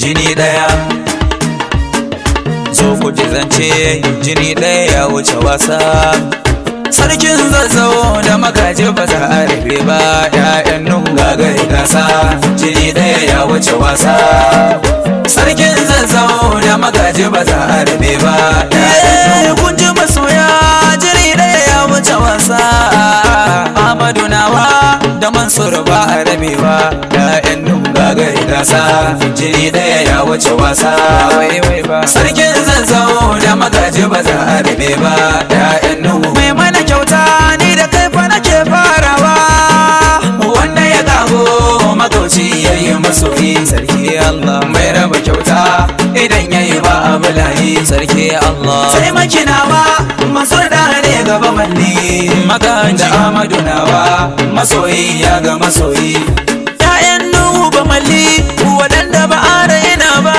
jini daya zo ku ji zance jini daya ya wuce wasa sarkin zazzau da makaje ba za a rufe ba ya'yan nun gagari kasa jini daya ya wuce wasa sarkin zazzau da makaje ba za a rufe ba ya'yan kun ji masoya jini ɗaya ya wuce wasa amadu nawa da mansur ba a rabewa zagaye gasa jini daya ya wuce wasa sarkin zan zau da magaji ba za a rabe ba ya'yan nuhu mai mana kyauta ni da kai fa nake farawa wanda ya gago. magauci ya yi masoyi sarki Allah mai raba kyauta idan yayi yi ba a sarki Allah sai makinawa masu da ne gaba manni magaji da amadu nawa masoyi ya ga masoyi kamali waɗanda ba a raina ba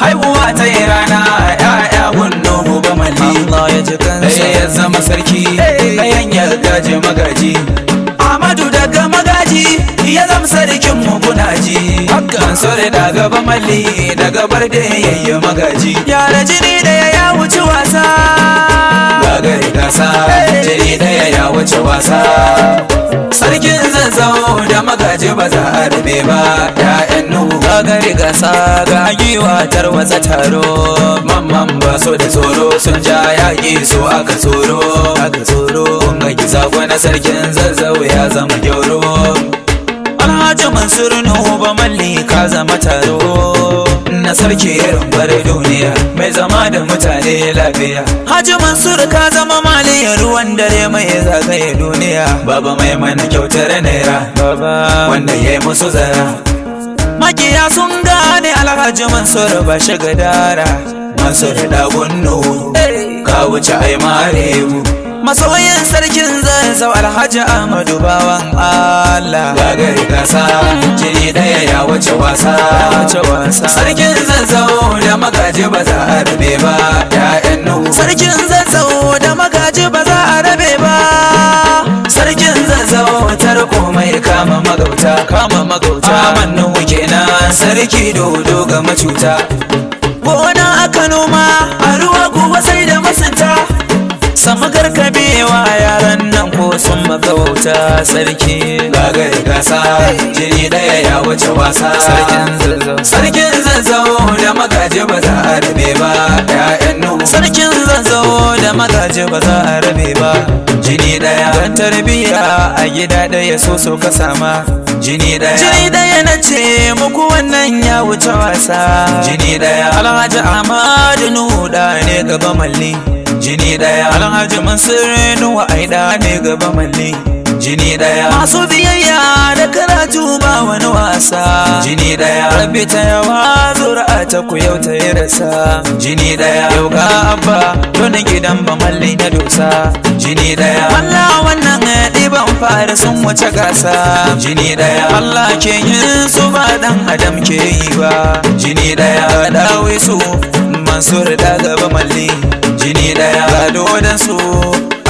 haihuwa ta yi rana ya'ya gunno gobe mali Allah ya ji kansa ya zama sarki ɗayan eh. yanyar gaje magaji Amadu daga magaji ya zama sarkin mugunaji Hakan sore da gaba mali daga barde yayye magaji Yara jini da ya ya wuce wasa Gagari gasa eh. jini da ya ya wuce wasa magaji ba za a rube ba ya'yan nuhu ga gasa ga giwa tarwatsa taro mamman ba so da tsoro sun ja yaƙi so aka tsoro aka tsoro kun ga na sarkin zazzau ya zama gyauro alhaji mansur nuhu ba mallika ka zama taro na sarki bar duniya mai zama da mutane lafiya haji mansur ka zama maliya ruwan dare mai zagaye duniya baba mai mana kyautar naira baba wanda ya yi musu zara makiya sun gane alhaji mansur ba shi gadara. mansur da gunnu ka wuce ai mare mu masoyin sarkin zara zau alhaji ahmadu bawan allah gagari kasa, jini daya ya wace wasa sarkin zazzau da magaji ba za a rabe ba Ya nuhu sarkin zazzau da magaji ba za a rabe ba sarkin zazzau tarko mai kama magauta kama magauta amannu kenan sarki dodo ga macuta gona aka noma ta sarki zagaye gasa jini daya ya wuce wasa sarkin zazzau da magaji ba za a rabe ba ya'yan sarkin zazzau da magaji ba za a rabe ba jini daya don tarbiya a gida daya so so ka sama jini daya jini daya na ce muku wannan ya wuce wasa jini daya alhaji amadu nuhu da ne gaba malli jini daya alhaji mansur nuwa aida ne gaba malli jini daya masu biyayya da karatu ba wani wasa jini daya rabbi ta yawa zura ta ku yau ta yi rasa jini daya yau ga abba don gidan ba malli na dosa jini daya Allah wannan ɗiban fara sun wace gasa jini daya Allah ke yin su ba dan adam ke yi ba jini daya dawe su mansur da gaba malli jini daya ga dodan su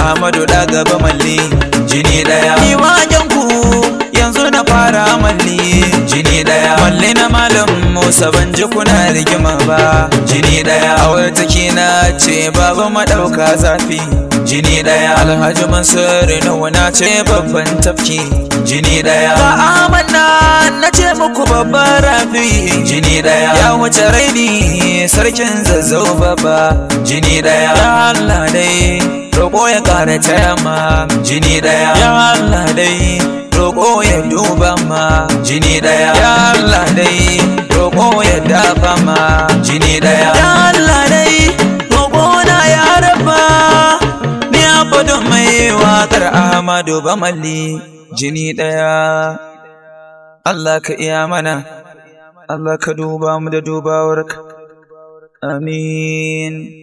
Amadu da gaba malli jini daya ni wajen ku yanzu na fara malli jini daya malli na malam Musa ban ji kuna rigima ba jini daya A take na ce baba madauka zafi jini daya alhaji mansur nawa na ce babban tafki jini daya ba amanna na ce muku babban rafi jini daya ya wuce raini sarkin zazzau babba jini daya ya Allah dai roƙo ya ƙara ma. jini daya ya Allah dai roƙo ya duba ma jini daya ya Allah dai roƙo ya dafa ma jini daya waƙar Ahmadu Bamalli jini ɗaya. Allah ka iya mana, Allah ka duba mu da dubawarka. Amin.